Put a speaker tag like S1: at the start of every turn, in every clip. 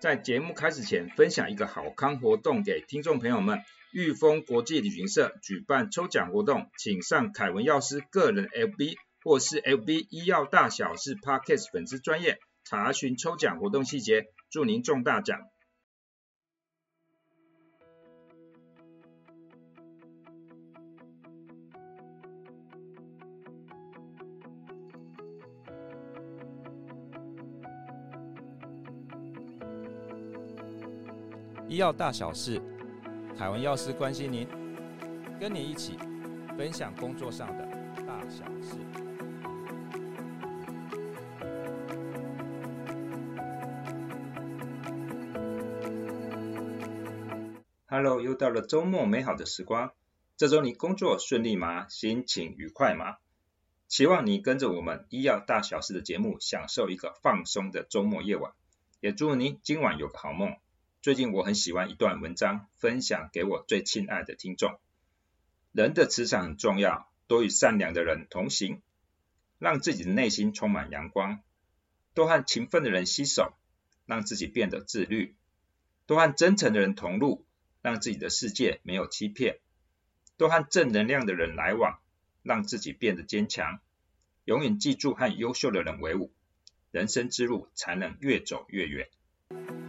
S1: 在節目開始前，分享一個好康活動給聽眾朋友們。裕豐國際旅行社舉辦抽獎活動，請上凱文藥師個人 FB 或是 FB 醫藥大小事 Podcast 粉絲專頁查詢抽獎活動細節，祝您中大獎！醫藥大小事，凱文藥師關心您，跟你一起分享工作上的大小事。Hello，又到了週末美好的時光。這週你工作順利嗎？心情愉快嗎？期望你跟着我們醫藥大小事的節目，享受一個放鬆的週末夜晚。也祝你今晚有個好夢。最近我很喜歡一段文章，分享給我最親愛的聽眾。人的磁場很重要，多與善良的人同行，讓自己的內心充滿陽光；多和勤奮的人攜手，讓自己變得自律；多和真誠的人同路，讓自己的世界沒有欺騙；多和正能量的人來往，讓自己變得堅強。永遠記住和優秀的人為伍，人生之路才能越走越遠。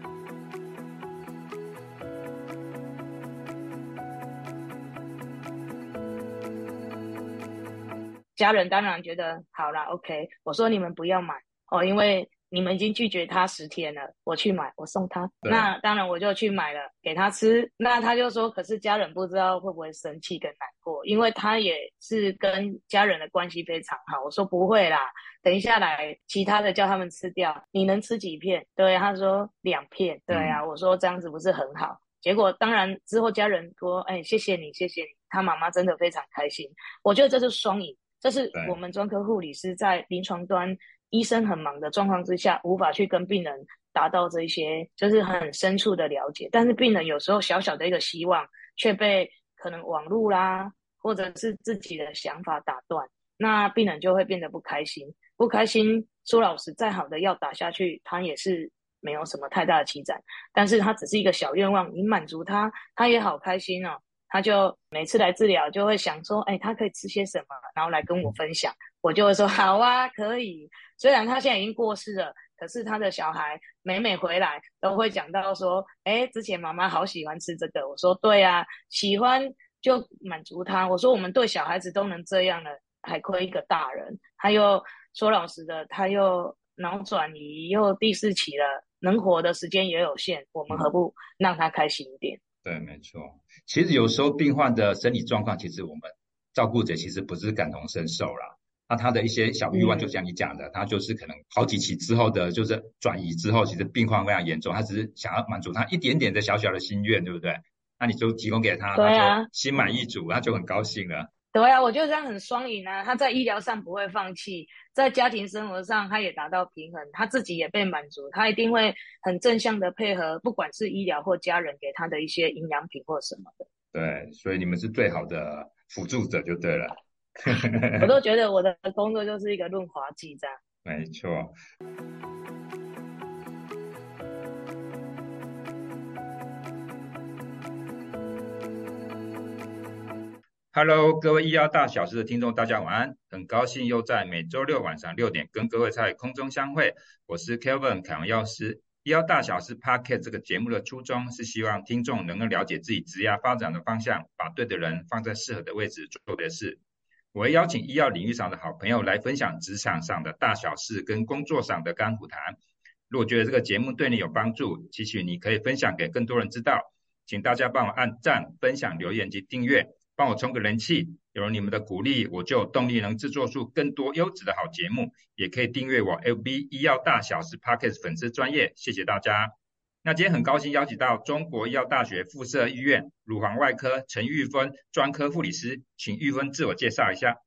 S2: 家人當然覺得好啦，OK。我說你們不要買哦，因為你們已經拒絕他十天了。我去買，我送他。那當然我就去買了，給他吃。那他就說，可是家人不知道會不會生氣跟難過，因為他也是跟家人的關係非常好。我說不會啦，等一下來其他的叫他們吃掉。你能吃幾片？對，他說兩片。對啊，我說這樣子不是很好。嗯、結果當然之後家人說，哎，謝謝你，謝謝你。他媽媽真的非常開心。我覺得這是雙贏。這是我們專科護理師在臨床端，醫生很忙的狀況之下，無法去跟病人達到這些就是很深處的了解。但是病人有時候小小的一個希望，卻被可能網路啦，或者是自己的想法打斷，那病人就會變得不開心。不開心，說老實，再好的藥打下去，他也是沒有什麼太大的進展。但是他只是一個小願望，你滿足他，他也好開心哦。他就每次來治療，就會想說，哎、欸，他可以吃些什麼，然後來跟我分享，我就會說好啊，可以。雖然他現在已經過世了，可是他的小孩每每回來都會講到說，哎、欸，之前媽媽好喜歡吃這個。我說對啊，喜歡就滿足他。我說我們對小孩子都能這樣了，還虧一個大人。他又說老實的，他又腦轉移又第四期了，能活的時間也有限，我們何不讓他開心一點？
S1: 對，沒錯。其實有時候病患的生理狀況，其實我們照顧者其實不是感同身受啦。那他的一些小慾望，就像你講的、嗯，他就是可能好幾期之後的，就是轉移之後，其實病況非常嚴重。他只是想要滿足他一點點的小小的心願，對不對？那你就提供給他，啊、他就心滿意足，他就很高興了。
S2: 對啊，我覺得這樣很雙贏啊！他在醫療上不會放棄，在家庭生活上他也達到平衡，他自己也被滿足，他一定會很正向的配合，不管是醫療或家人給他的一些營養品或什麼的。
S1: 對，所以你們是最好的輔助者就對了。 我
S2: 都覺得我的工作就是一個潤滑劑這樣。
S1: 沒錯。Hello，各位醫藥大小事的聽眾，大家晚安。很高興又在每周六晚上六點跟各位在空中相會。我是 Kelvin 凱文藥師。醫藥大小事 Podcast 這個節目的初衷是希望聽眾能夠了解自己職業發展的方向，把對的人放在適合的位置做的事。我會邀請醫藥領域上的好朋友來分享職場上的大小事跟工作上的甘苦談。如果覺得這個節目對你有幫助，期許你可以分享給更多人知道。請大家幫我按讚、分享、留言及訂閱。幫我充個人氣。有了你們的鼓勵，我就有動力能制作出更多優質的好節目。也可以訂閱我 LB 醫藥大小事 Podcast 粉絲專頁，謝謝大家。那今天很高興邀請到中國醫藥大學附設醫院乳房外科陳玉芬專科護理師，請玉芬自我介紹一下。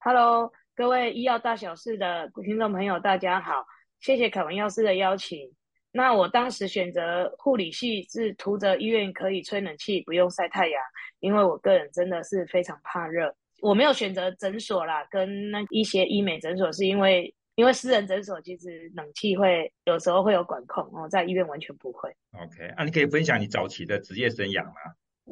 S2: Hello，各位醫藥大小事的聽眾朋友，大家好，謝謝凱文藥師的邀請。那我當時選擇護理系是圖着醫院可以吹冷氣，不用曬太陽，因為我個人真的是非常怕熱。我沒有選擇診所啦，跟那一些醫美診所，是因為因為私人診所其實冷氣會有時候會有管控，然後，哦，在醫院完全不會。
S1: OK，啊，你可以分享你早期的職業生涯嗎？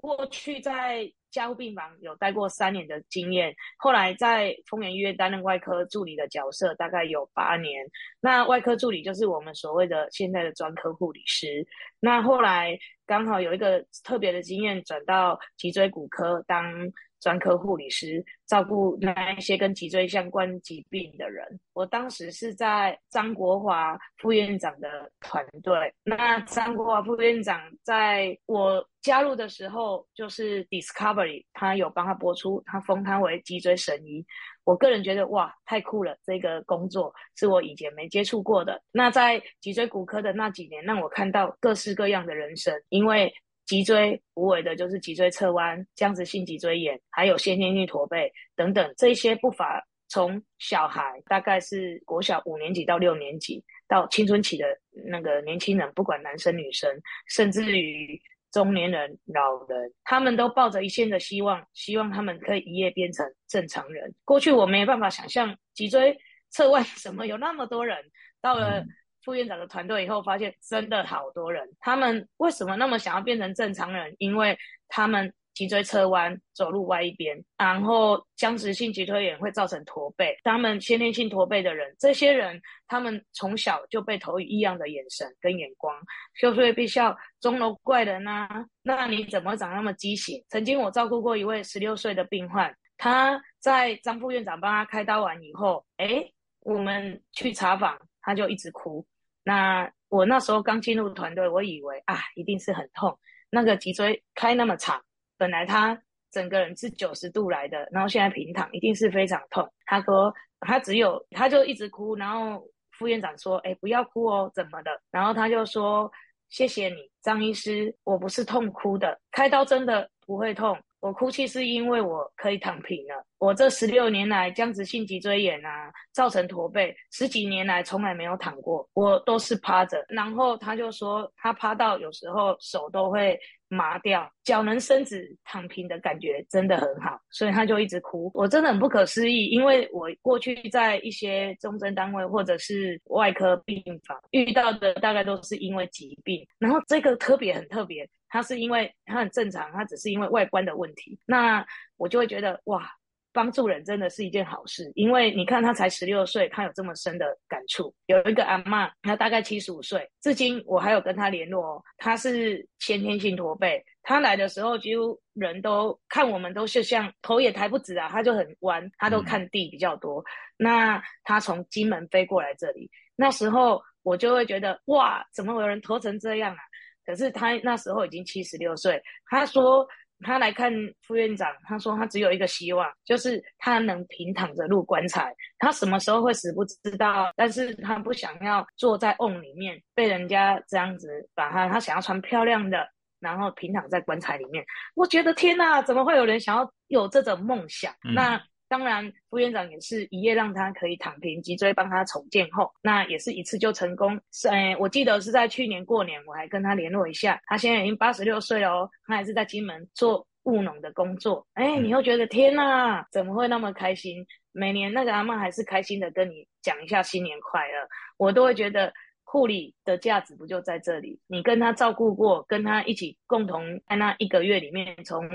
S2: 過去在加護病房有待過三年的經驗，後來在豐原醫院擔任外科助理的角色，大概有八年。那外科助理就是我們所謂的現在的專科護理師。那後來剛好有一個特別的經驗，轉到脊椎骨科當。專科護理師照顧那一些跟脊椎相關疾病的人。我當時是在張國華副院長的團隊。那張國華副院長在我加入的時候，就是 Discovery，他有幫他播出，他封他為脊椎神醫。我個人覺得哇，太酷了！這個工作是我以前沒接觸過的。那在脊椎骨科的那幾年，讓我看到各式各樣的人生，因為……脊椎無尾的就是脊椎側彎、僵直性脊椎炎，還有先天性駝背等等，這些不乏，從小孩，大概是國小五年級到六年級，到青春期的那個年輕人，不管男生女生，甚至於中年人、老人，他們都抱着一線的希望，希望他們可以一夜變成正常人。過去我沒辦法想象脊椎側彎怎麼有那麼多人到了。副院長的團隊以後發現，真的好多人，他們為什麼那麼想要變成正常人？因為他們脊椎側彎，走路歪一邊，然後僵直性脊椎炎會造成駝背。他們先天性駝背的人，這些人他們從小就被投以異樣的眼神跟眼光，就會被笑鐘樓怪人吶、啊。那你怎麼長那麼畸形？曾經我照顧過一位十六歲的病患，他在張副院長幫他開刀完以後，哎，我們去查房，他就一直哭。那我那時候剛進入團隊，我以為啊，一定是很痛。那個脊椎開那麼長，本來他整個人是九十度來的，然後現在平躺，一定是非常痛。他說他只有他就一直哭，然後副院長說，哎，不要哭哦，怎麼的？然後他就說，謝謝你，張醫師，我不是痛哭的，開刀真的不會痛。我哭泣，是因為我可以躺平了。我這十六年來，僵直性脊椎炎啊，造成駝背，十幾年來從來沒有躺過，我都是趴着然後他就說，他趴到有時候手都會麻掉，腳能伸直，躺平的感覺真的很好，所以他就一直哭。我真的很不可思議，因為我過去在一些重症單位或者是外科病房遇到的，大概都是因為疾病，然後這個特別很特別。他是因為他很正常，他只是因為外觀的問題。那我就會覺得哇，幫助人真的是一件好事。因為你看他才十六歲，他有這麼深的感觸。有一個阿嬤，她大概七十五歲，至今我還有跟她聯絡哦。她是先天性駝背，她來的時候幾乎人都看我們都是像頭也抬不直啊，他就很彎，他都看地比較多。那他從金門飛過來這裡，那時候我就會覺得哇，怎麼有人駝成這樣啊？可是他那時候已經七十六歲，他說他來看副院長，他說他只有一個希望，就是他能平躺着入棺材。他什麼時候會死不知道，但是他不想要坐在甕裡面被人家這樣子把他，他想要穿漂亮的，然後平躺在棺材裡面。我覺得天哪，怎麼會有人想要有這種夢想？嗯、那。當然，副院長也是一夜讓他可以躺平，脊椎幫他重建後，那也是一次就成功。是，哎，我記得是在去年過年，我還跟他聯絡一下。他現在已經八十六歲了哦，他還是在金門做務農的工作。哎，你又覺得天哪，怎麼會那麼開心？每年那個阿嬤還是開心的跟你講一下新年快樂，我都會覺得護理的價值不就在這裡？你跟他照顧過，跟他一起共同在那一個月裡面，從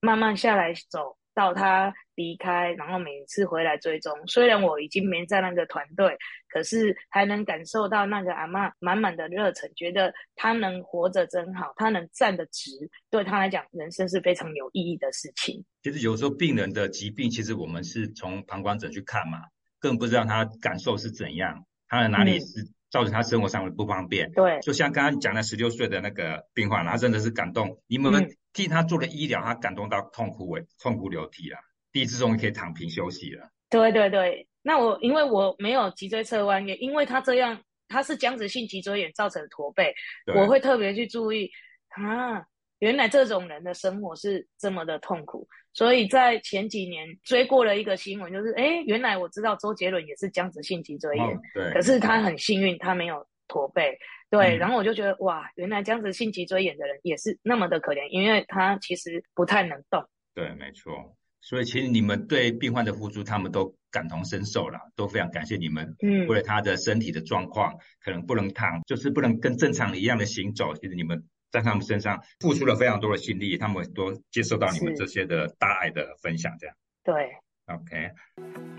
S2: 慢慢下來走。到他離開，然後每一次回來追蹤，雖然我已經沒在那個團隊，可是還能感受到那個阿嬤滿滿的熱忱，覺得他能活着真好，他能站得直，對他來講，人生是非常有意義的事情。
S1: 其實有時候病人的疾病，其實我們是從旁觀者去看嘛，更不知道他感受是怎樣，他在哪裡是、嗯。造成他生活上不方便，對，就像剛剛講的十六歲的那個病患，他真的是感動，你們替他做了醫療，嗯、他感動到痛哭哎、欸，痛哭流涕了。第一次終於可以躺平休息了。
S2: 對對對，那我因為我沒有脊椎側彎，也因為他這樣，他是僵直性脊椎炎造成的駝背，對，我會特別去注意啊。原來這種人的生活是這麼的痛苦，所以在前幾年追過了一個新聞，就是哎，原來我知道周杰倫也是僵直性脊椎炎，哦、對，可是他很幸運，哦、他沒有駝背，對。嗯、然後我就覺得哇，原來僵直性脊椎炎的人也是那麼的可憐，因為他其實不太能動。
S1: 對，沒錯。所以其實你們對病患的付出，他們都感同身受了，都非常感謝你們。嗯，為了他的身體的狀況，可能不能躺，就是不能跟正常一樣的行走，其實你們。在他們身上付出了非常多的心力，嗯，他們都接受到你們這些的大愛的分享，這樣
S2: 對。
S1: OK，嗯。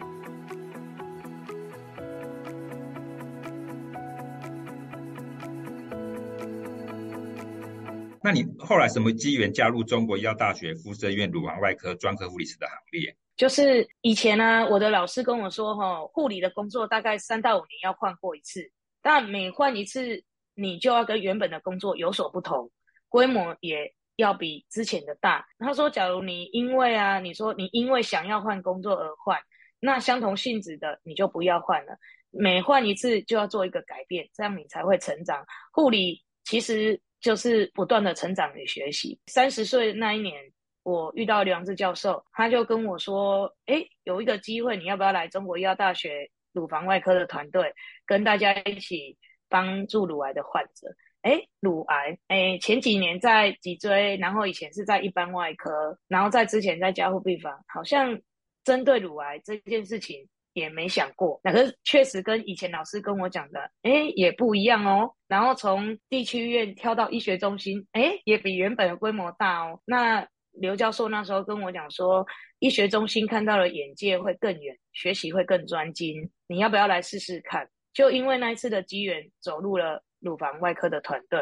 S1: 那你後來什麼機緣加入中國醫藥大學附設院乳房外科專科護理師的行列？
S2: 就是以前呢，啊，我的老師跟我說，哈，護理的工作大概三到五年要換過一次，但每換一次。你就要跟原本的工作有所不同，規模也要比之前的大。他說：“假如你因為啊，你說你因為想要換工作而換，那相同性質的你就不要換了。每換一次就要做一個改變，這樣你才會成長。護理其實就是不斷地成長與學習。三十歲那一年，我遇到梁志教授，他就跟我說：‘哎，有一個機會，你要不要來中國醫藥大學乳房外科的團隊，跟大家一起？’”幫助乳癌的患者，哎，乳癌，哎，前幾年在脊椎，然後以前是在一般外科，然後在之前在加護病房，好像針對乳癌這件事情也沒想過。可是確實跟以前老師跟我講的，哎，也不一樣哦。然後從地區醫院跳到醫學中心，哎，也比原本的規模大哦。那劉教授那時候跟我講說，醫學中心看到的眼界會更遠，學習會更專精。你要不要來試試看？就因為那一次的機緣，走入了乳房外科的團隊。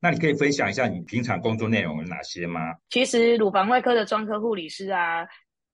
S1: 那你可以分享一下你平常工作內容有哪些嗎？
S2: 其實乳房外科的專科護理師啊，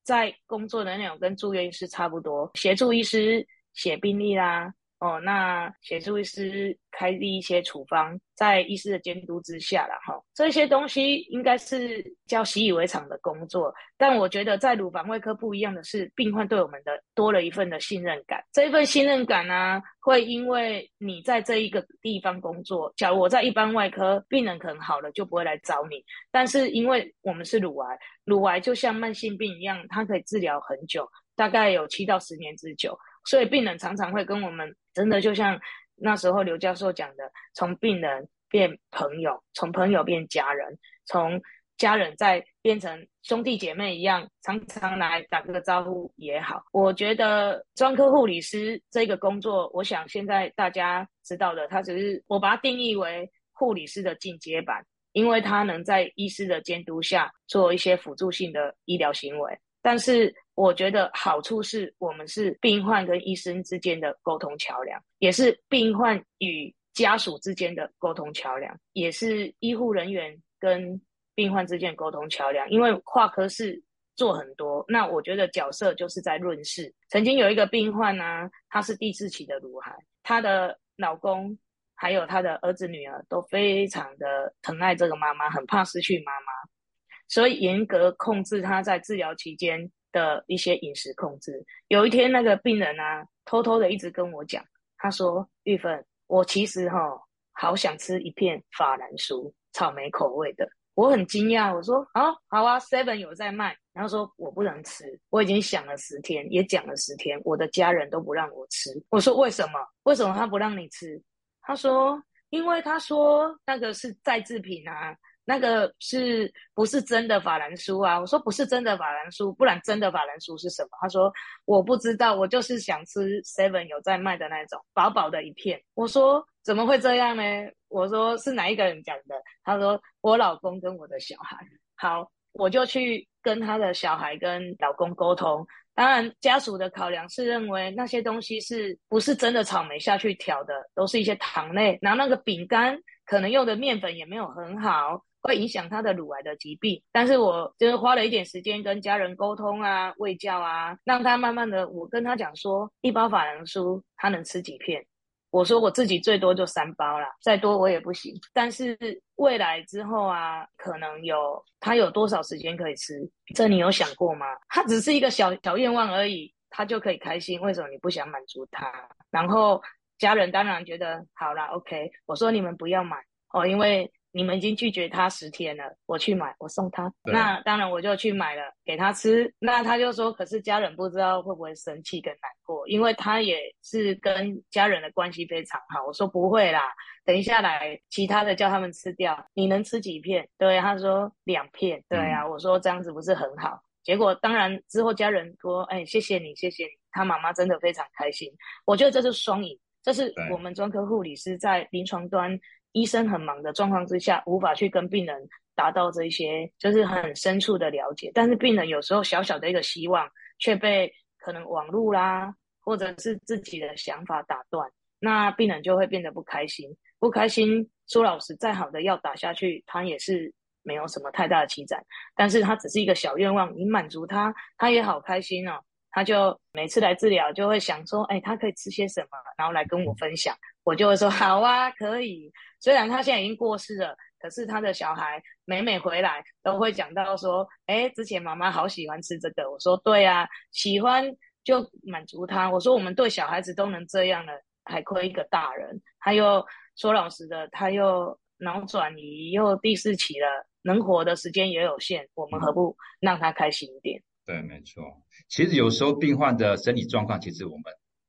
S2: 在工作內容跟住院醫師差不多，協助醫師寫病歷啦、啊。哦，那協助醫師開立一些處方，在醫師的監督之下啦，齁這些東西應該是叫習以為常的工作。但我覺得在乳房外科不一樣的是，病患對我們的多了一份的信任感。這一份信任感呢、啊，會因為你在這一個地方工作。假如我在一般外科，病人可能好了就不會來找你，但是因為我們是乳癌，乳癌就像慢性病一樣，它可以治療很久，大概有七到十年之久。所以病人常常會跟我們，真的就像那時候劉教授講的，從病人變朋友，從朋友變家人，從家人再變成兄弟姐妹一樣，常常來打個招呼也好。我覺得專科護理師這個工作，我想現在大家知道的，它只是我把它定義為護理師的進階版，因為它能在醫師的監督下做一些輔助性的醫療行為，但是。我覺得好處是我們是病患跟醫生之間的溝通橋樑，也是病患與家屬之間的溝通橋樑，也是醫護人員跟病患之間的溝通橋樑。因為跨科室做很多，那我覺得角色就是在論事。曾經有一個病患啊，她是第四期的乳癌，她的老公還有她的兒子女兒都非常的疼愛這個媽媽，很怕失去媽媽，所以嚴格控制她在治療期間。的一些飲食控制，有一天那個病人啊，偷偷的一直跟我講，他說：“玉芬，我其實哈、哦、好想吃一片法蘭酥，草莓口味的。”我很驚訝，我說：“啊、哦，好啊，Seven 有在賣。”然後說：“我不能吃，我已經想了十天，也講了十天，我的家人都不讓我吃。”我說：“為什麼？為什麼他不讓你吃？”他說：“因為他說那個是再製品啊。”那個是不是真的法蘭酥啊？我說不是真的法蘭酥，不然真的法蘭酥是什麼？他說我不知道，我就是想吃 seven 有在賣的那種薄薄的一片。我說怎麼會這樣呢？我說是哪一個人講的？他說我老公跟我的小孩。好，我就去跟他的小孩跟老公溝通。當然家屬的考量是認為那些東西是不是真的草莓下去調的，都是一些糖類，然後那個餅乾可能用的麵粉也沒有很好。會影響他的乳癌的疾病，但是我就是花了一點時間跟家人溝通啊，衛教啊，讓他慢慢的，我跟他講說，一包法蘭酥他能吃幾片，我說我自己最多就三包啦，再多我也不行。但是未來之後啊，可能有他有多少時間可以吃，這你有想過嗎？他只是一個小小願望而已，他就可以開心，為什麼你不想滿足他？然後家人當然覺得好啦。OK，我說你們不要買哦，因為。你們已經拒絕他十天了，我去買，我送他，啊、那當然我就去買了，給他吃。那他就說，可是家人不知道會不會生氣跟難過，因為他也是跟家人的關係非常好。我說不會啦，等一下來其他的叫他們吃掉，你能吃幾片？對、啊，他說兩片。對啊、嗯，我說這樣子不是很好。結果當然之後家人說，哎，謝謝你，謝謝你。他媽媽真的非常開心，我覺得這是雙贏，這是我們專科護理師在臨床端。醫生很忙的狀況之下，無法去跟病人達到這些，就是很深處的了解。但是病人有時候小小的一個希望，卻被可能網路啦，或者是自己的想法打斷，那病人就會變得不開心。不開心，蘇老師再好的藥打下去，他也是沒有什麼太大的進展。但是他只是一個小願望，你滿足他，他也好開心哦。他就每次來治療，就會想說，欸，他可以吃些什麼，然後來跟我分享，我就會說好啊，可以。雖然他現在已經過世了，可是他的小孩每每回來都會講到說，欸，之前媽媽好喜歡吃這個。我說對啊，喜歡就滿足他。我說我們對小孩子都能這樣了，還虧一個大人。他又說老實的，他又腦轉移又第四期了，能活的時間也有限，我們何不讓他開心一點？
S1: 對，沒錯。其實有時候病患的生理狀況，其實我們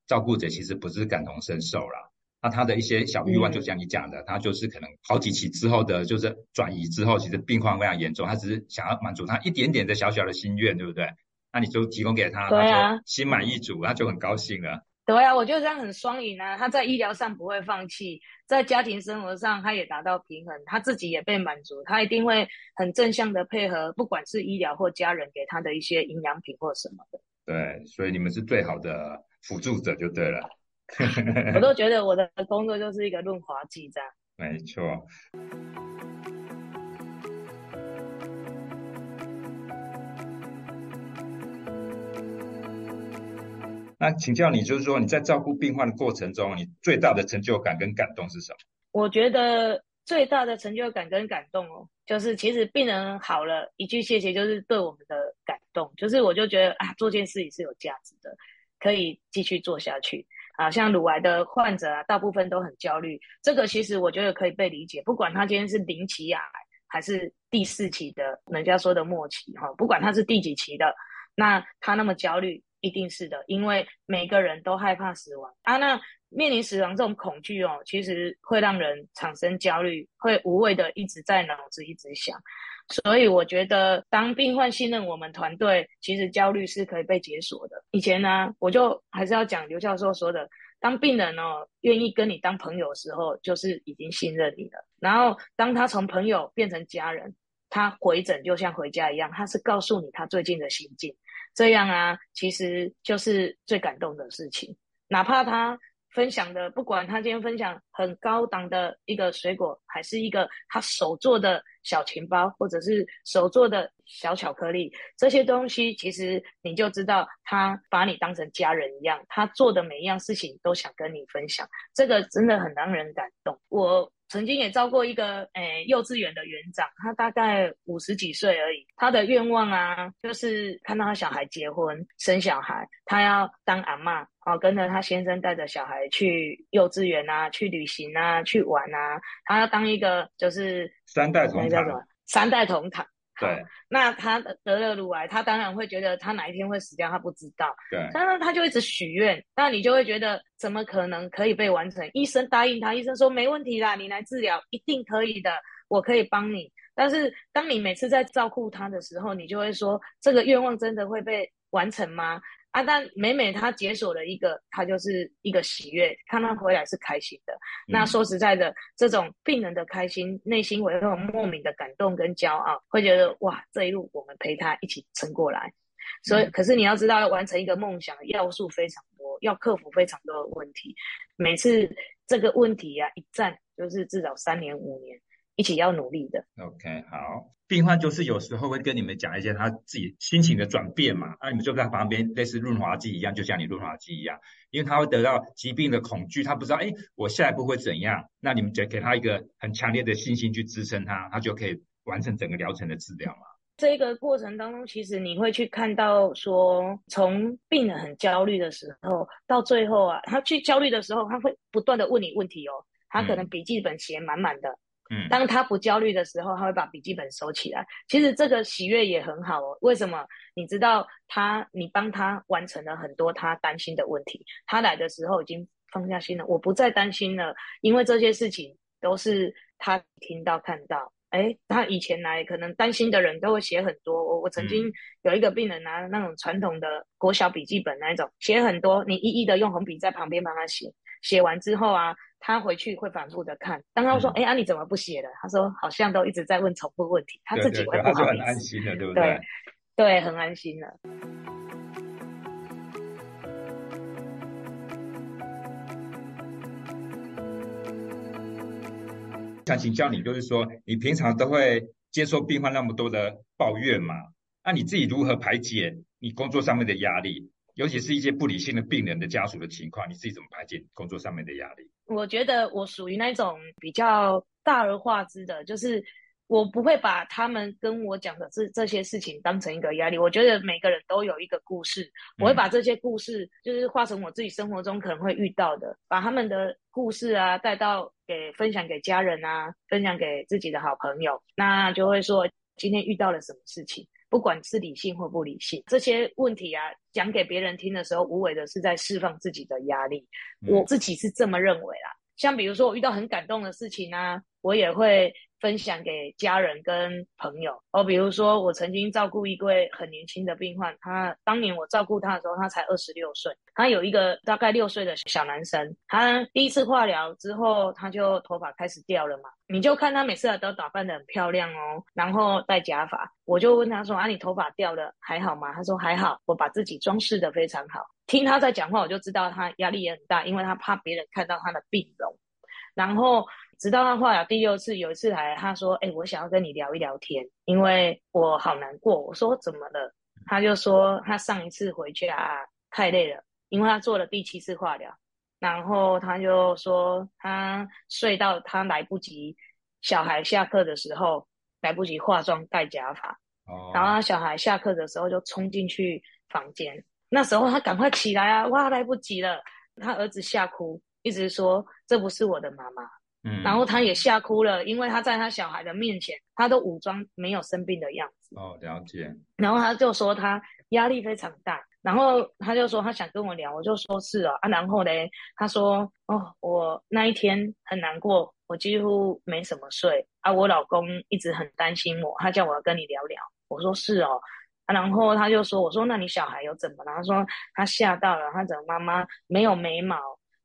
S1: 照顧者其實不是感同身受啦。那他的一些小慾望，就像你講的、嗯，他就是可能好幾期之後的，就是轉移之後，其實病況非常嚴重。他只是想要滿足他一點點的小小的心願，對不對？那你就提供給他，啊、他就心滿意足，他就很高興了。
S2: 對啊，我覺得這樣很雙贏啊！他在醫療上不會放棄，在家庭生活上他也達到平衡，他自己也被滿足，他一定會很正向的配合，不管是醫療或家人給他的一些營養品或什麼的。
S1: 對，所以你們是最好的輔助者就對了。 我
S2: 都覺得我的工作就是一個潤滑劑這樣。
S1: 沒錯。那請教你，就是說你在照顧病患的過程中，你最大的成就感跟感動是什麼？
S2: 我覺得最大的成就感跟感動哦，就是其實病人好了一句謝謝，就是對我們的感動，就是我就覺得啊，做件事也是有價值的，可以繼續做下去啊。像乳癌的患者啊，大部分都很焦慮，這個其實我覺得可以被理解。不管他今天是零期癌，還是第四期的，人家說的末期哈、哦，不管他是第幾期的，那他那麼焦慮。一定是的，因為每個人都害怕死亡啊。那面臨死亡這種恐懼哦，其實會讓人產生焦慮，會無謂的一直在腦子一直想。所以我覺得，當病患信任我們團隊，其實焦慮是可以被解鎖的。以前呢，我就還是要講劉教授說的：當病人哦願意跟你當朋友的時候，就是已經信任你了。然後當他從朋友變成家人，他回診就像回家一樣，他是告訴你他最近的心境。這樣啊，其實就是最感動的事情。哪怕他分享的，不管他今天分享很高檔的一個水果，還是一個他手做的小錢包，或者是手做的小巧克力，這些東西，其實你就知道他把你當成家人一樣，他做的每一樣事情都想跟你分享，這個真的很讓人感動。我。曾經也照過一個誒、欸，幼稚園的園長，他大概五十幾歲而已。他的願望啊，就是看到他小孩結婚、生小孩，他要當阿嬤，哦、啊，跟着他先生帶着小孩去幼稚園啊，去旅行啊，去玩啊。他要當一個就是三代同堂，什麼叫什麼？三代同堂。對，那他得了乳癌，他當然會覺得他哪一天會死掉，他不知道。對，但是他就一直許願，那你就會覺得怎麼可能可以被完成？醫生答應他，醫生說沒問題啦，你來治療一定可以的，我可以幫你。但是當你每次在照顧他的時候，你就會說，這個願望真的會被完成嗎？啊！但每每他解鎖了一個，他就是一個喜悅，看他回來是開心的、嗯。那說實在的，這種病人的開心，內心會有一種莫名的感動跟驕傲，會覺得哇，這一路我們陪他一起撐過來。所以，嗯、可是你要知道，要完成一個夢想的要素非常多，要克服非常多的問題。每次這個問題啊，一站就是至少三年五年。一起要努力的。OK，好。
S1: 病患，就是有時候會跟你們講一些他自己心情的轉變嘛，啊，你們就在旁邊，類似潤滑劑一樣，就像你潤滑劑一樣，因為他會得到疾病的恐懼，他不知道，哎、欸，我下一步會怎樣，那你們就給他一個很強烈的信心去支撐他，他就可以完成整個療程的治療嘛。
S2: 這個過程當中，其實你會去看到說，從病人很焦慮的時候，到最後啊，他去焦慮的時候，他會不斷的問你問題哦，他可能筆記本寫滿滿的。嗯當他不焦慮的時候，他會把筆記本收起來。其實這個喜悅也很好哦。為什麼？你知道他，你幫他完成了很多他擔心的問題。他來的時候已經放下心了，我不再擔心了，因為這些事情都是他聽到看到。哎，他以前來可能擔心的人都會寫很多。我我曾經有一個病人拿那種傳統的國小筆記本那一種，寫很多，你一一的用紅筆在旁邊幫他寫。寫完之後啊，他回去會反覆的看。當他說：“哎、嗯、呀、欸、啊、你怎麼不寫了？”他說：“好像都一直在問重複問題。”他自己會不好意思。對對對對，他說很安心了，對不對？對，對，很安心了。
S1: 想請教你，就是說，你平常都會接受病患那麼多的抱怨嘛？那、啊、你自己如何排解你工作上面的壓力？尤其是一些不理性的病人的家屬的情況，你自己怎麼排解工作上面的壓力？
S2: 我覺得我屬於那種比較大而化之的，就是我不會把他們跟我講的這這些事情當成一個壓力。我覺得每個人都有一個故事，我會把這些故事就是化成我自己生活中可能會遇到的，把他們的故事啊帶到給分享給家人啊，分享給自己的好朋友，那就會說今天遇到了什麼事情。不管是理性或不理性，這些問題啊，講給別人聽的時候，無謂的是在釋放自己的壓力。嗯。我自己是這麼認為啦。像比如說，我遇到很感動的事情啊，我也會。分享給家人跟朋友哦，比如說我曾經照顧一位很年輕的病患，他當年我照顧他的時候，他才二十六歲，他有一個大概六歲的小男生，他第一次化療之後，他就頭髮開始掉了嘛，你就看他每次都打扮得很漂亮哦，然後戴假髮，我就問他說啊，你頭髮掉了還好嗎？他說還好，我把自己裝飾得非常好。聽他在講話，我就知道他壓力也很大，因為他怕別人看到他的病容，然後。直到他化療第六次，有一次來，他說：“哎、欸，我想要跟你聊一聊天，因為我好難過。”我說：“怎麼了？”他就說：“他上一次回去啊，太累了，因為他做了第七次化療。”然後他就說：“他睡到他來不及，小孩下課的時候來不及化妝戴假髮。”哦。然後他小孩下課的時候就衝進去房間，那時候他趕快起來啊！哇，來不及了！他兒子嚇哭，一直說：“這不是我的媽媽。”嗯，然後他也嚇哭了，因為他在他小孩的面前，他都武裝沒有生病的樣子。哦，了解。然後他就說他壓力非常大，然後他就說他想跟我聊，我就說是哦啊。然後嘞，他說哦，我那一天很難過，我幾乎沒什麼睡啊。我老公一直很擔心我，他叫我跟你聊聊。我說是哦。啊，然後他就說，我說那你小孩有怎麼了？然後他說他嚇到了，他怎麼媽媽沒有眉毛，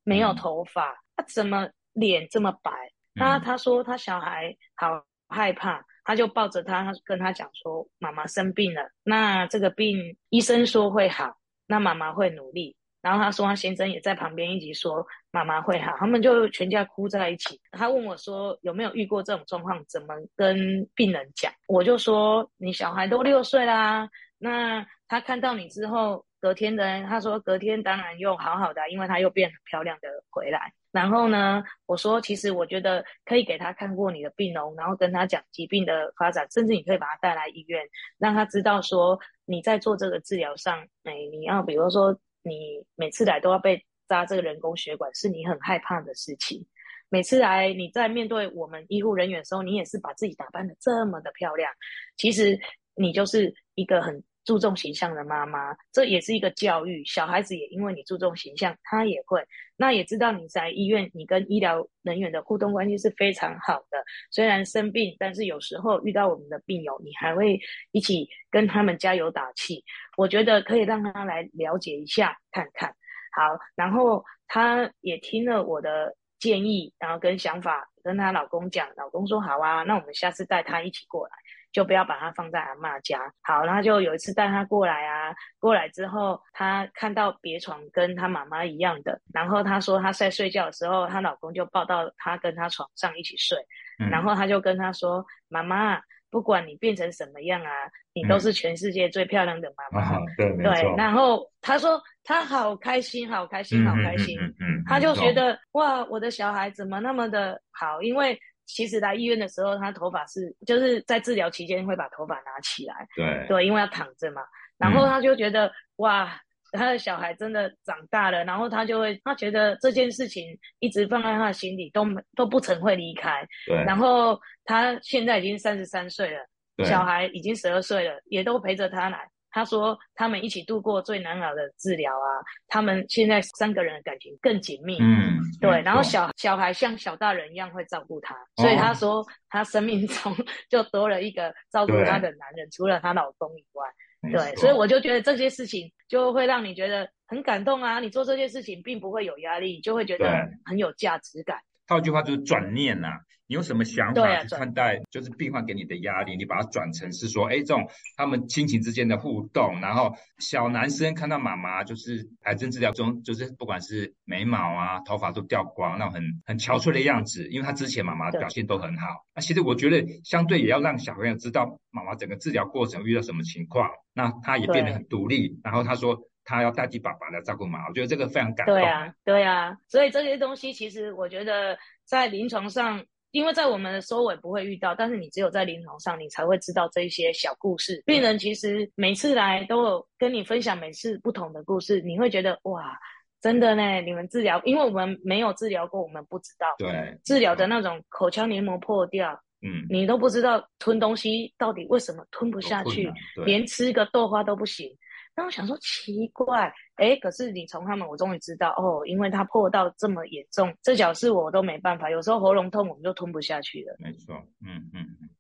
S1: 沒有頭
S2: 髮，嗯，他怎麼？臉這麼白，他他說他小孩好害怕，他就抱着他，跟他講說媽媽生病了，那這個病醫生說會好，那媽媽會努力。然後他說他先生也在旁邊一直說媽媽會好，他們就全家哭在一起。他問我說有沒有遇過這種狀況，怎麼跟病人講？我就說你小孩都六歲啦啊，那。他看到你之後，隔天呢？他說隔天當然又好好的，因為他又變很漂亮的回來。然後呢，我說其實我覺得可以給他看過你的病容、哦，然後跟他講疾病的發展，甚至你可以把他帶來醫院，讓他知道說你在做這個治療上，哎，你要比如說你每次來都要被扎這個人工血管，是你很害怕的事情。每次來你在面對我們醫護人員的時候，你也是把自己打扮得這麼的漂亮，其實你就是一個很。注重形象的媽媽，這也是一個教育。小孩子也因為你注重形象，他也會，那也知道你在醫院，你跟醫療人員的互動關係是非常好的。雖然生病，但是有時候遇到我們的病友，你還會一起跟他們加油打氣。我覺得可以讓他來了解一下，看看。好，然後他也聽了我的建議，然後跟想法，跟他老公講，老公說好啊，那我們下次帶他一起過來。就不要把他放在阿嬤家。好，那就有一次帶他過來啊，過來之後他看到別床跟他媽媽一樣的，然後他說他在睡覺的時候，她老公就抱到他跟他床上一起睡，嗯、然後他就跟他說：“媽媽，不管你變成什麼樣啊，你都是全世界最漂亮的媽媽。嗯啊”對，對。然後他說他好開心，好開心，好開心。嗯嗯嗯嗯嗯他就覺得哇，我的小孩怎麼那麼的好？因為。其實來醫院的時候，他頭髮是就是在治療期間會把頭髮拿起來，對對，因為要躺着嘛，然後他就覺得、嗯、哇，他的小孩真的長大了，然後他就會他覺得這件事情一直放在他的心裡，都都不曾會離開。對，然後他現在已經三十三歲了，小孩已經十二歲了，也都陪着他來。他說他們一起度過最難熬的治療啊，他們現在三個人的感情更緊密。嗯，對。然後小小孩像小大人一樣會照顧他，哦，所以他說他生命中就多了一個照顧他的男人，除了他老公以外。對，所以我就覺得這些事情就會讓你覺得很感動啊！你做這些事情，並不會有壓力，你就會覺得很，很有價值感。
S1: 套一句話就是轉念吶、啊，你用什麼想法去看待？就是病患給你的壓力，啊、你把它轉成是說，誒，這種他們親情之間的互動。然後小男生看到媽媽就是癌症治療中，就是不管是眉毛啊、頭髮都掉光，那種很很憔悴的樣子，因為他之前媽媽表現都很好。那、啊、其實我覺得相對也要讓小朋友知道媽媽整個治療過程遇到什麼情況，那他也變得很獨立。然後他說。他要代替爸爸來照顧媽，我覺得這個非常感動。對啊，
S2: 對啊，所以這些東西其實我覺得在臨床上，因為在我們的收尾不會遇到，但是你只有在臨床上，你才會知道這一些小故事。嗯。病人其實每次來都有跟你分享每次不同的故事，你會覺得哇，真的呢？嗯，你們治療，因為我們沒有治療過，我們不知道。對，治療的那種口腔黏膜破掉，嗯，你都不知道吞東西到底為什麼吞不下去啊。嗯，對，連吃個豆花都不行。那我想說奇怪，哎，可是你從他們，我終於知道哦，因為他破到這麼嚴重，這小事我都沒辦法。有時候喉嚨痛，我們就吞不下去了。沒錯，嗯
S1: 嗯，嗯。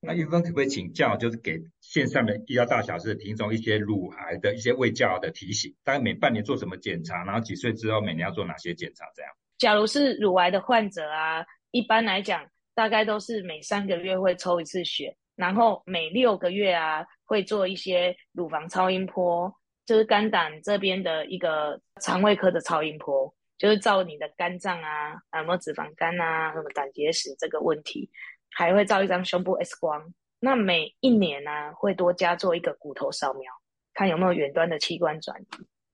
S1: 那玉芬可不可以請教，就是給線上的醫藥大小事聽眾一些乳癌的一些衛教的提醒？大概每半年做什麼檢查，然後幾歲之後每年要做哪些檢查？這樣。
S2: 假如是乳癌的患者啊，一般來講，大概都是每三個月會抽一次血，然後每六個月啊會做一些乳房超音波，就是肝膽這邊的一個腸胃科的超音波，就是照你的肝臟啊，啊有沒有脂肪肝啊，什麼膽結石這個問題，還會照一張胸部 X 光。那每一年呢，啊，會多加做一個骨頭掃描，看有沒有遠端的器官轉移。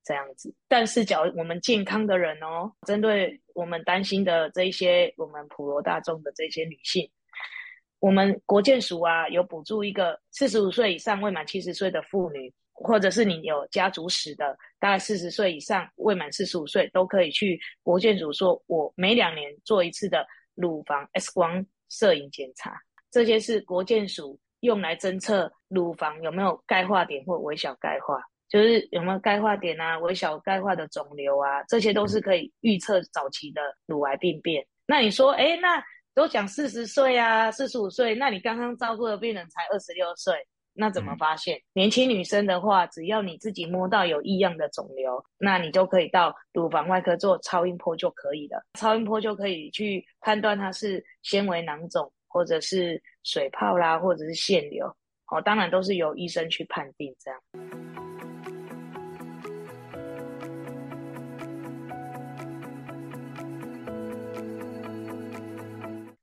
S2: 這樣子，但是講我們健康的人哦，針對我們擔心的這一些我們普羅大眾的這些女性，我們國健署啊有補助一個四十五歲以上未滿七十歲的婦女，或者是你有家族史的，大概四十歲以上未滿四十五歲都可以去國健署說，我每兩年做一次的乳房 X 光攝影檢查，這些是國健署用來偵測乳房有沒有鈣化點或微小鈣化。就是有沒有鈣化點啊，微小鈣化的腫瘤啊，這些都是可以預測早期的乳癌病變。嗯、那你說，誒、欸、那都講四十歲啊，四十五歲，那你剛剛照顧的病人才二十六歲，那怎麼發現？嗯、年輕女生的話，只要你自己摸到有異樣的腫瘤，那你就可以到乳房外科做超音波就可以了。超音波就可以去判斷它是纖維囊腫或者是水泡啦，或者是腺瘤。哦，當然都是由醫生去判定這樣。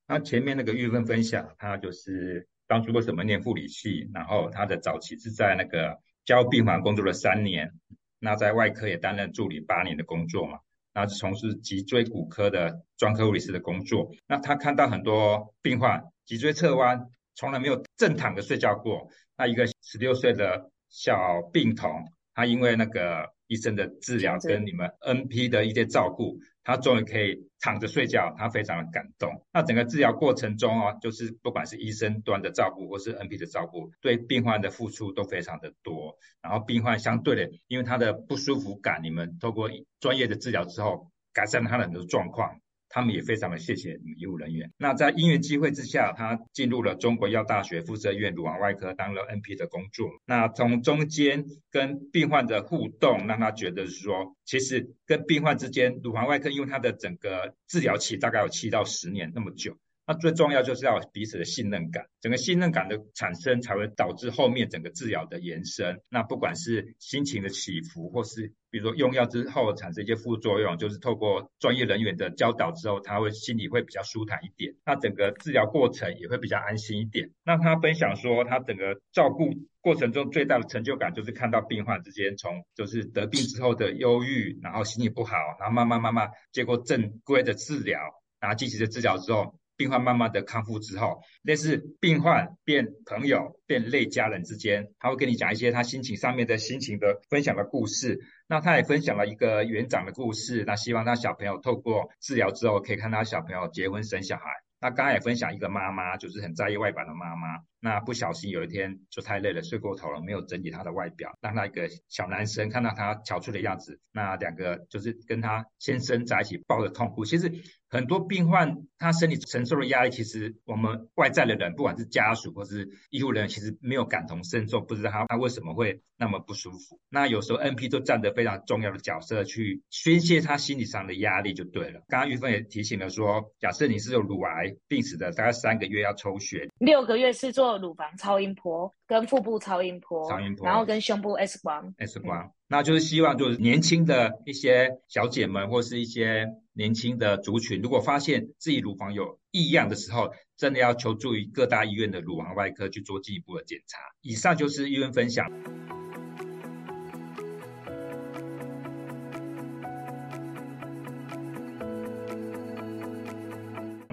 S1: 那前面那個玉芬分，分享，他就是當初為什麼念護理系，然後他的早期是在那個交病房工作了三年，那在外科也擔任助理八年的工作嘛，那是從事脊椎骨科的專科護理師的工作。那他看到很多病患脊椎側彎，從來沒有正躺着睡覺過。那一個十六歲的小病童，他因為那個醫生的治療跟你們 NP 的一些照顧。他終於可以躺着睡覺，他非常的感動。那整個治療過程中啊，就是不管是醫生端的照顧，或是 N P 的照顧，對病患的付出都非常的多。然後病患相對的，因為他的不舒服感，你們透過專業的治療之後，改善了他的很多狀況。他們也非常的謝謝你們醫務人員。那在因緣際會之下，他進入了中國醫藥大學附設醫院乳房外科當了 N P 的工作。那從中間跟病患的互動，讓他覺得說，其實跟病患之間，乳房外科因為它的整個治療期大概有七到十年那麼久。那最重要就是要彼此的信任感，整個信任感的產生才會導致後面整個治療的延伸。那不管是心情的起伏，或是比如說用藥之後產生一些副作用，就是透過專業人員的教導之後，他會心裡會比較舒坦一點，那整個治療過程也會比較安心一點。那他分享說，他整個照顧過程中最大的成就感就是看到病患之間從就是得病之後的憂鬱，然後心情不好，然後慢慢慢慢經過正規的治療，然後積極的治療之後。病患慢慢的康復之後，類似病患變朋友變類家人之間，他會跟你講一些他心情上面的心情的分享的故事。那他也分享了一個園長的故事，那希望他小朋友透過治療之後，可以看他小朋友結婚生小孩。那剛剛也分享一個媽媽，就是很在意外表的媽媽。那不小心有一天就太累了，睡過頭了，沒有整理他的外表，讓那，那個小男生看到他憔悴的樣子。那兩個就是跟他先生在一起抱着痛哭。其實很多病患他身體承受的壓力，其實我們外在的人，不管是家屬或是醫護人員，其實沒有感同身受，不知道他他為什麼會那麼不舒服。那有時候 NP 都站着非常重要的角色去宣泄他心理上的壓力就對了。剛剛玉芬也提醒了說，假設你是有乳癌病史的，大概三個月要抽血，
S2: 六個月是做。乳房超音波跟腹部超音波，超音波，然後跟胸部 X 光
S1: X 光、嗯，那就是希望就是年輕的一些小姐們或是一些年輕的族群，如果發現自己乳房有異樣的時候，真的要求助於各大醫院的乳房外科去做進一步的檢查。以上就是醫院分享。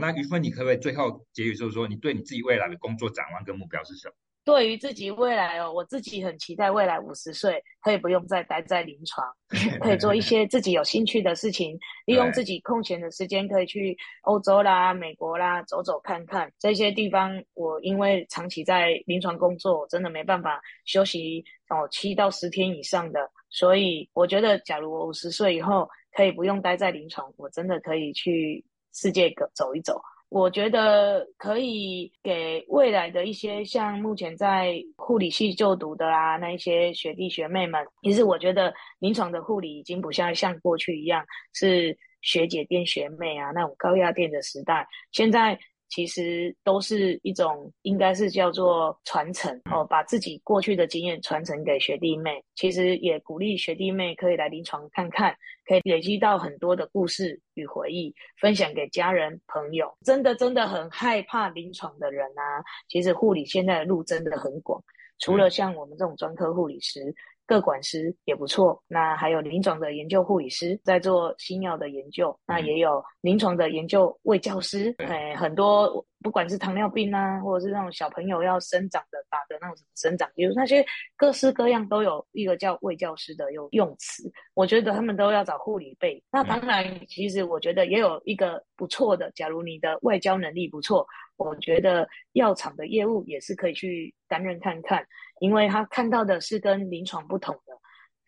S1: 那玉芬，你可不可以最後結語，就是說，你對你自己未來的工作展望跟目標是什麼？
S2: 對於自己未來哦，我自己很期待，未來五十歲可以不用再待在臨床，
S1: 可以做一些
S2: 自己有興趣的事情， 利用自己空閒的時間，可以去歐洲啦、美國啦走走看看這些地方。我因為長期在臨床工作，我真的沒辦法休息哦七到十天以上的，所以我覺得，假如我五十歲以後可以不用待在臨床，我真的可以去。世界走一走，我覺得可以給未來的一些像目前在護理系就讀的啦、啊，那一些學弟學妹們。其實我覺得臨床的護理已經不像像過去一樣是學姐變學妹啊那種高壓電的時代，現在。其實都是一種，應該是叫做傳承哦，把自己過去的經驗傳承給學弟妹。其實也鼓勵學弟妹可以來臨床看看，可以累積到很多的故事與回憶，分享給家人朋友。真的真的很害怕臨床的人啊！其實護理現在的路真的很廣，除了像我們這種專科護理師。各管師也不錯，那還有臨床的研究護理師在做新藥的研究，那也有臨床的研究衛教師，嗯、誒很多，不管是糖尿病啊，或者是那種小朋友要生長的打的那種生長，比如那些各式各樣都有一個叫衛教師的有用詞，我覺得他們都要找護理背。那當然，其實我覺得也有一個不錯的，假如你的外交能力不錯，我覺得藥廠的業務也是可以去擔任看看。因為他看到的是跟臨床不同的，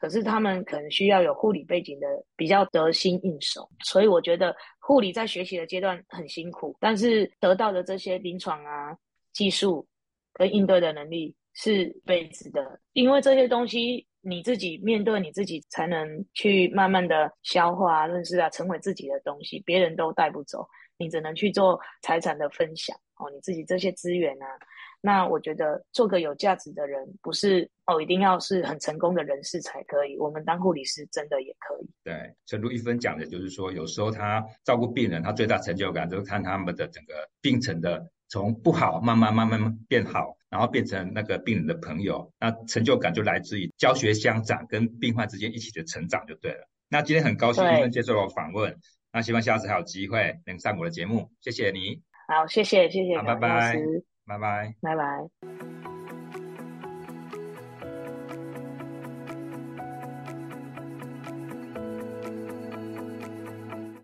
S2: 可是他們可能需要有護理背景的比較得心應手，所以我覺得護理在學習的階段很辛苦，但是得到的這些臨床啊技術跟應對的能力是一輩子的，因為這些東西你自己面對你自己才能去慢慢的消化、啊、認識啊，成為自己的東西，別人都帶不走，你只能去做財產的分享哦，你自己這些資源啊。那我覺得做個有價值的人，不是哦，一定要是很成功的人士才可以。我們當護理師真的也可以。
S1: 對，誠如玉芬講的就是說，有時候他照顧病人，他最大成就感就是看他們的整個病程的從不好慢慢，慢慢慢慢變好，然後變成那個病人的朋友，那成就感就來自於教學相長，跟病患之間一起的成長就對了。那今天很高興玉芬接受了訪問，那希望下次還有機會能上我的節目，謝謝你。
S2: 好，謝謝謝謝拜拜、拜拜。拜拜，拜拜。